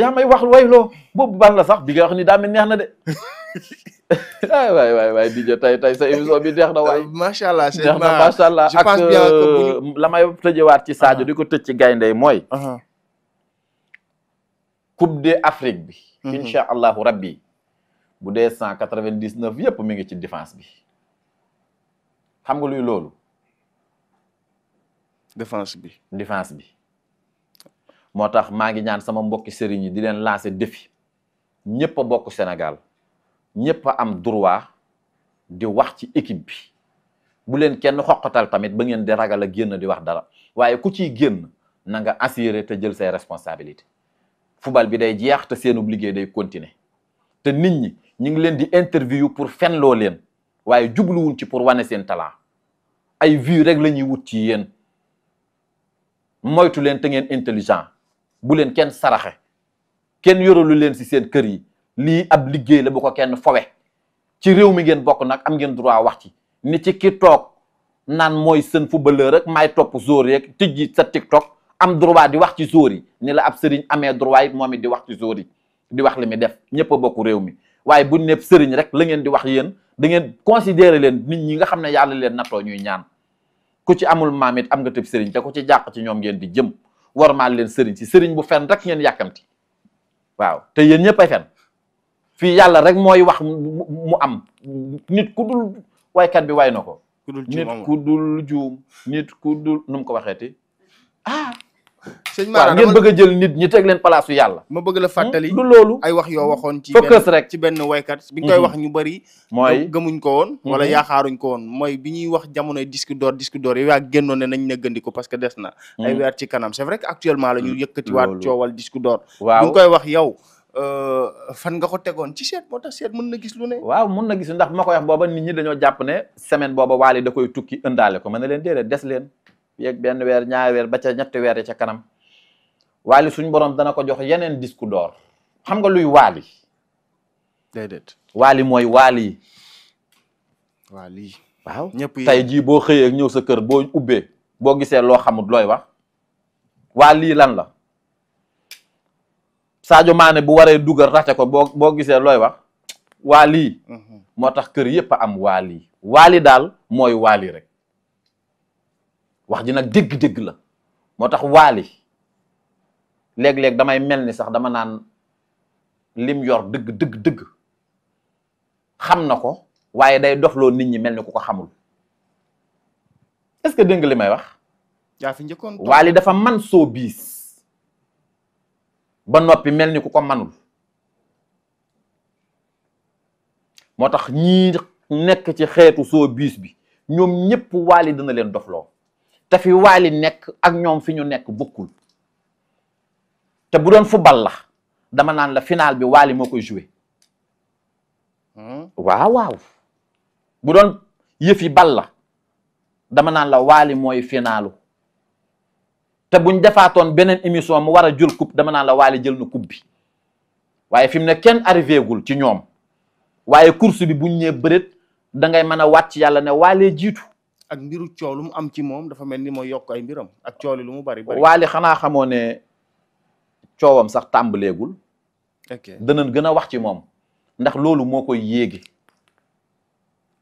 yaa may wax wayloo boobu ban la sax bi nga wax ni daa mel neex na de ay waay waay waay DJ tey tey sa émission bi neex na waay. macha allah neex na macha allah ak euh, la may tëjewaat ci saajo ah. di ko tëj ci gaynde yi mooy. Ah. coupe d'Afrique bi. Mhm. incha allahu rabbi bu dee cent quatre vingt dix yëpp mi ngi ci défense bi xam nga luy loolu. defence bi défense bi. moo tax maa ngi ñaan sama mbokki sëriñ yi di leen lancer défi ñëpp a bokk Sénégal ñëpp a am droit di wax ci équipe bi bu leen kenn xoqatal tamit ba ngeen di ragal a génn di wax dara waaye ku ciy génn na nga assurer te jël say responsabilité football bi day jeex te seenub liggéey day continuer te nit ñi ñu ngi leen di interview pour fenloo leen waaye jubluwuñ ci pour wane seen talent ay vues rek la ñuy wut ci yéen moytu leen te ngeen intelligent bu leen kenn saraxe kenn yoralu leen si seen kër yi lii ab liggéey la bu ko kenn fowe ci réew mi ngeen bokk nag am ngeen droit wax ci ni ci ki toog naan mooy seen footballeur rek maay topp zoor ti tijji sa tiktok am droit di wax ci zoor yi ni la ab sëriñ amee droit yi moom it di wax ci zoor yi di wax li mi def ñëpp a bokk réew mi waaye buñ nepp sëriñ rek la ngeen di wax yéen da ngeen considérer leen nit ñi nga xam ne yàlla leen nattoo ñuy ñaan ku ci amul maam it am nga tëb sëriñ te ku ci jàq ci ñoom ngeen di jëm warmaal leen sëriñ si sëriñ bu fen rek ngeen yàkkamti waaw te yéen ñëpp ay fen fii yàlla rek mooy wax mu am nit ku dul waykat bi way na ko nit ku dul juum nit ku dul nu mu ko waxeeti ah sëñ Mara ngeen bëgg jël nit ñi teg leen place yu yàlla ma bëgg la fàttali hmm? du loolu ay wax yoo waxoon ci focus rek ci benn waykat bi nga hmm. wax ñu bëri mooy gëmuñ ko woon hmm. wala yaakaaruñ ko woon mooy bi ñuy wax jamonoy disque d'or disque d'or yow yaa génnoon ne nañ nëggandiko parce que des na ay weer ci kanam c'est vrai que actuellement la ñu yëkkatiwaat coowal disque d'or waaw ñu koy wax yow euh, fan nga ko tegoon ci seet moo tax mën na gis lu ne waaw mën na gis ndax ma koy wax booba nit dañoo jàpp ne semaine booba waale da koy tukki indaale ko mën na leen déedéet des leen yeeg benn weer ñaari weer ba ca ñetti weer ca kanam waali suñ borom dana ko jox yeneen disku d'or xam nga luy waali déedéet waali mooy waali waali waaw tey jii boo xëyee ñëw sa kër boo ubbee boo gisee loo xamut looy wax waali lan la saajo Mané bu waree dugal rate ko boo boo gisee looy wax waali mhm. moo tax kër yépp a am waali waali daal mooy waali rek wax ji nag dégg la moo tax waali léeg-léeg damay mel ni sax dama naan lim yor dëgg dëgg xam na ko waaye day dofloo nit ñi mel ni ku ko xamul est-ce que dégg nga li may wax. yaa fi njëkkoon dafa man soo biis ba noppi mel ni ku ko manul moo tax ñii nekk ci xeetu soo biis bi ñoom ñëpp Wally dana leen dofloo te fi Wally nekk ak ñoom fi ñu nekk bokkul. te bu doon football la dama naan la finaal bi Waly moo koy joué hmm? waaw waaw bu doon yëf yi bal la dama naan la Waly mooy finalu te buñ defaatoon beneen émission mu war a jël dama naan la Waly jël na coupe bi waaye fi mu ne kenn arrivé ci ñoom waaye course bi bu ñëwee bëreet da ngay mën a wàcc yàlla ne Waly jiitu. ak mbiru coow lu am ci moom dafa mel ni mooy yokk mbiram ak coow lu xanaa xamoo coowam sax tàmbaleegul. ok dana gën a wax ci moom ndax loolu moo koy yéegi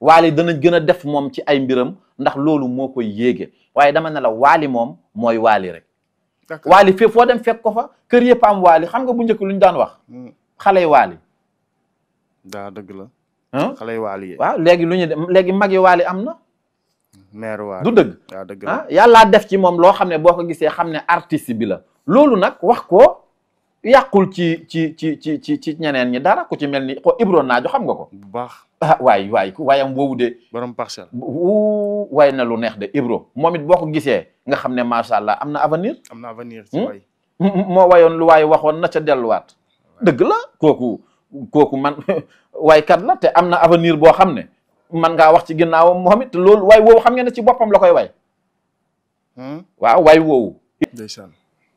waali dana gën a def moom ci ay mbiram ndax loolu moo koy yéege waaye dama ne la waali moom mooy waali rek. waali fépp foo dem fekk ko fa kër yëpp am waali xam nga bu njëkk lu ñu daan wax. Hmm. xale waali. daa dëgg la. xale waali waaw léegi lu ñu dem léegi mag yi am na. meer waali du dëgg. daa dëgg la ah yàllaa def ci moom loo xam ne boo ko gisee xam ne artiste bi la. loolu nag wax ko yàqul ci ci ci ci ci ci ñeneen ñi a ku ci mel ni ko Ibro Naajo xam nga ko. bu baax ah waay waay waayam woowu de. borom parcelle. wuu waay na lu neex de Ibro moom boo ko gisee nga xam ne macha allah am na avenir. am na avenir ci hmm? waay. Hmm, hmm, lu waay waxoon na ca delluwaat. dëgg la kooku kooku man waaykat la te am na avenir boo xam ne man ngaa wax ci ginnaawam moom it loolu waaye woowu xam ngeen ne ci boppam la koy waay. waaw waay woowu.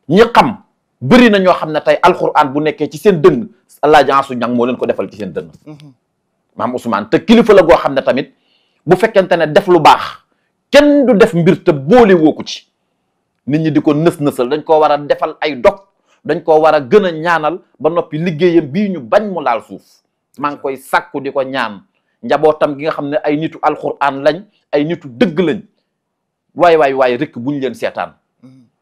ñi xam bëri na ñoo xam ne tey alxuraan bu nekkee ci seen dënn Alaaji Ansu Ñang moo leen ko defal ci seen dënn mhm. maam Ousmane te kilifa la goo xam ne tamit bu fekkente ne def lu baax kenn du def mbir te boole woo ci nit ñi di ko nës-nësal dañ koo war a defal ay dog dañ koo war a gën a ñaanal ba noppi liggéeyam bii ñu bañ mu laal suuf maa ngi koy sàkku di ko ñaan njabootam gi nga xam ne ay nitu alxuraan lañ ay nitu dëgg lañ waay waay waay rek buñ leen seetaan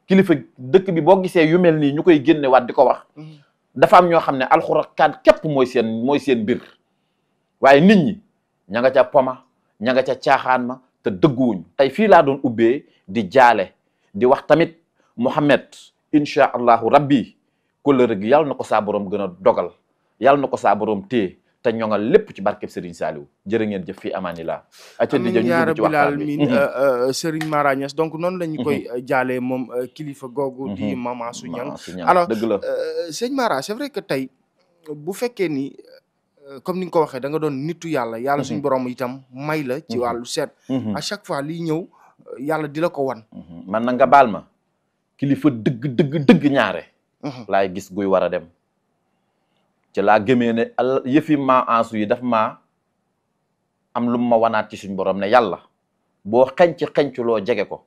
kilifa dëkk bi boo gisee yu mel nii ñu koy génne waat di ko wax mm-hmm. dafa am ñoo xam ne alxurakaan képp mooy seen mooy seen mbir waaye nit ñi ña nga ca poma ña nga ca caaxaan ma te dëgguwuñ tey fii laa doon ubbee di jaale di wax tamit Mouhamed incha allahu rabbi kóllëre gi yàlla na ko saa borom gën a dogal yàlla na ko saa borom téye te ñoŋal lépp ci barkeb Serigne Saliou jërë ngeen jëf fii amaanilaa. acca di jël ñu ci waxtaan bi amiin mhm. euh, euh, Serigne Mara Niass donc noonu la mhm. koy euh, jaalee moom kilifa googu. di mhm. Mama Su Ñang alors dëgg la sëñ Mara c'est vrai que tey bu fekkee ni. comme ni nga ko waxee da nga doon nittu yàlla yàlla suñu borom itam may la ci wàllu seet à chaque fois liy ñëw yàlla di la ko wan man na nga baal ma kilifa dëgg dëgg dëgg ñaare laay gis guy war a dem ci laa gëmee ne al yëfi maa yi daf ma am lum ma wanaat ci suñ borom ne yàlla boo xenc xenc loo jege ko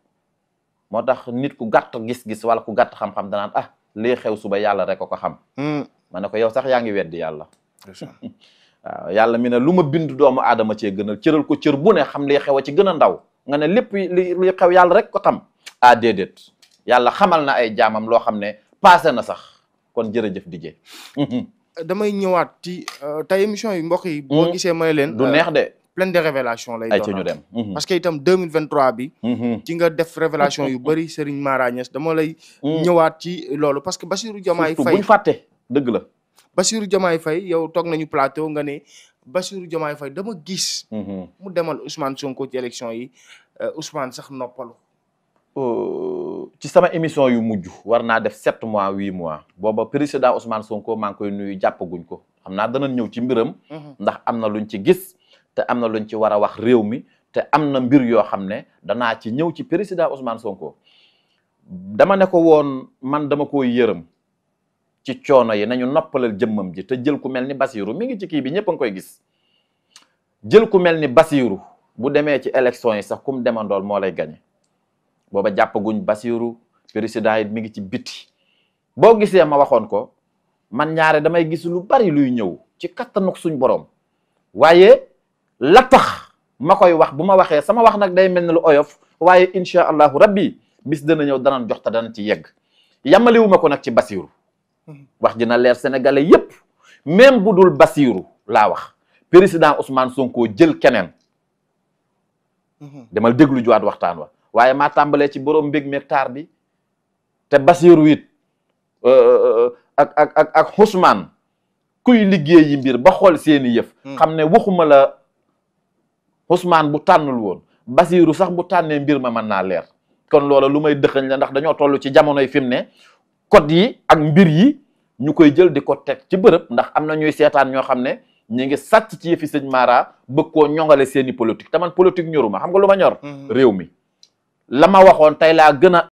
moo tax nit ku gàtt gis-gis wala ku gàtt xam-xam danaan ah lii xew suba yàlla rek ko xam hmm. ma ne ko yow sax yaa ngi weddi yàlla waaw yàlla mi ne lu ma bind doomu aadama cee gënal cëral ko cër bu ne xam lii xew a ci gën a ndaw nga ne lépp li li xew yàlla rek ko tam ah déedéet yàlla xamal na ay jaamam loo xam ne passé na sax kon jërëjëf dijee damay ñëwaat ci euh, tey émission yi mbokk yi. boo hmm. gisee ma leen. du euh, neex de. pleine de révélation lay doon ñu dem hmm. parce que itam 2023 bi hmm, ci nga def révélation yu bëri Serigne Mara Niass dama lay ñëwaat ci loolu parce que Bassirou Diomaye Faye buñ fàtte dëgg la Bassirou Diomaye Faye yow toog nañu plateau nga ne Bassirou Diomaye Faye dama gis mu demal Ousmane Sonko ci élection yi euh, Ousmane sax noppalu Euh, ci sama émission yu mujj war naa def sept mois huit mois booba président Ousmane Sonko maa ngi koy nuyu jàppaguñ ko xam naa danañ ñëw ci mbiram. Mhm. ndax am na luñ ci gis te am na luñ ci war a wax réew mi te am na mbir yoo xam ne danaa ci ñëw ci président Ousmane Sonko dama ne ko woon man dama ko yërëm ci coono yi nañu noppalal jëmmam ji te jël ku mel ni Basiru mi ngi ci kii bi ñëpp a ngi koy gis jël ku mel ni Basiru bu demee ci élection yi sax kum demandool moo lay gañe booba jàppaguñ Basiru président it mi ngi ci biti boo gisee ma waxoon ko man ñaare damay gis lu bari luy ñëw ci kattanuk suñ borom waaye la ma koy wax bu ma waxee sama wax nag day mel ne lu oyof waaye incha allahu rabbi bis dana ñëw danañ jox te danañ ci yegg yamaliwu ma ko nag ci Basiru wax dina leer sénégalais yépp même bu dul Basiru laa wax président Ousmane Sonko jël keneen. Mhm. demal déglu juwaat waxtaan wa waaye maa tàmbalee ci borom mbég me taar bi te Basiru it euh, euh, euh, ak ak ak kuy liggéey yi mbir ba xool seeni yëf. Hmm. xam ne waxuma la Ousmane bu tànnul woon Basiru sax bu tànnee mbir ma mën naa leer kon loola lu may dëxañ la ndax dañoo toll ci jamonoy fi ne code yi ak mbir yi ñu koy jël di ko teg ci bërëb ndax am na ñuy seetaan ñoo xam ne. ñi ngi sàcc ci yëfi sëñ Mara bëgg koo ñongale seeni politique te man politique ñoruma xam nga lu ma ñor. Hmm. réew mi la ma waxoon tey laa gën a